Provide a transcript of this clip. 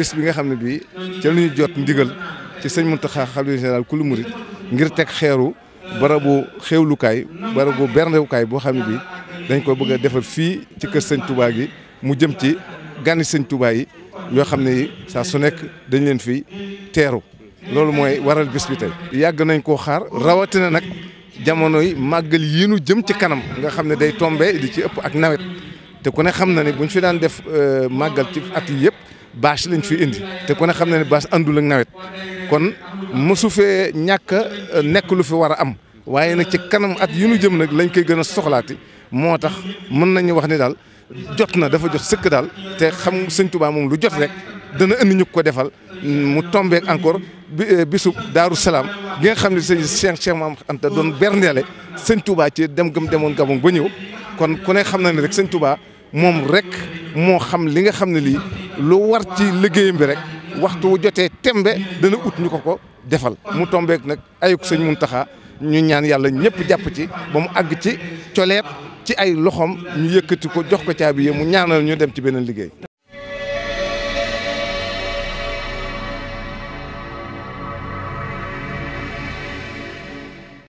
bis bi nga xam ne bi ca la ñu jot ndigal ci sëñ Mountakha xalifa général kulu murit ngir teg xeeru barabu xewlukaay barabu berndewukaay boo xam ne bi dañ koo bëgg a defar fii ci kër sëñ tubaay gi mu jëm ci gani sëñ Touba yoo xam ne yi su nekk dañ leen fi teeru loolu mooy waral bis bi tey. yàgg nañ koo xaar rawatina nag jamonoy yi màggal yi nu jëm ci kanam nga xam ne day tombe di ci ëpp ak nawet. te ku ne xam na ni bu ñu fi daan def euh, màggal ci at yi yëpp bâche lañ fi indi te ku ne xam na ne bâche àndul ak nawet kon mosu fee ñàkk euh, nekk lu fi war a am waaye nag ci kanam at yi nu jëm nag lañ koy gën a soxlaati moo tax mën nañu wax ni daal jot na dafa jot sëkk daal te xam sëñ Tuubaa moom lu jot rek dana indi ñu ko defal mu tombeek encore euh, bisub daaru salaam gi nga xam ne sëñ Cheikh Cheikh Maam Anta doon berndeele sëñ Tuubaa ci dem gëm demoon Gabon ba ñëw kon ku ne xam na ne rek sëñ Tuubaa moom rek moo xam li nga xam ne lii lu war ci liggéeyam bi rek waxtu wu jotee tembe dana ut ñu ko ko defal mu tombeek nag ayuk sëñ taxa ñu ñaan yàlla ñëpp jàpp ci ba mu àgg ci coleet ci ay loxoom ñu yëkkati ko jox ko caabi yi mu ñaanal ñu dem ci beneen liggéey